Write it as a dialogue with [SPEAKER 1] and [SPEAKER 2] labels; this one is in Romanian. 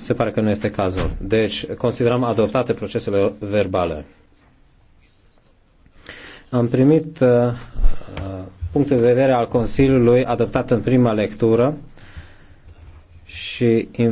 [SPEAKER 1] Se pare că nu este cazul. Deci, considerăm adoptate procesele verbale.
[SPEAKER 2] Am primit punctul uh, uh, punct de vedere al Consiliului adoptat în prima lectură
[SPEAKER 3] și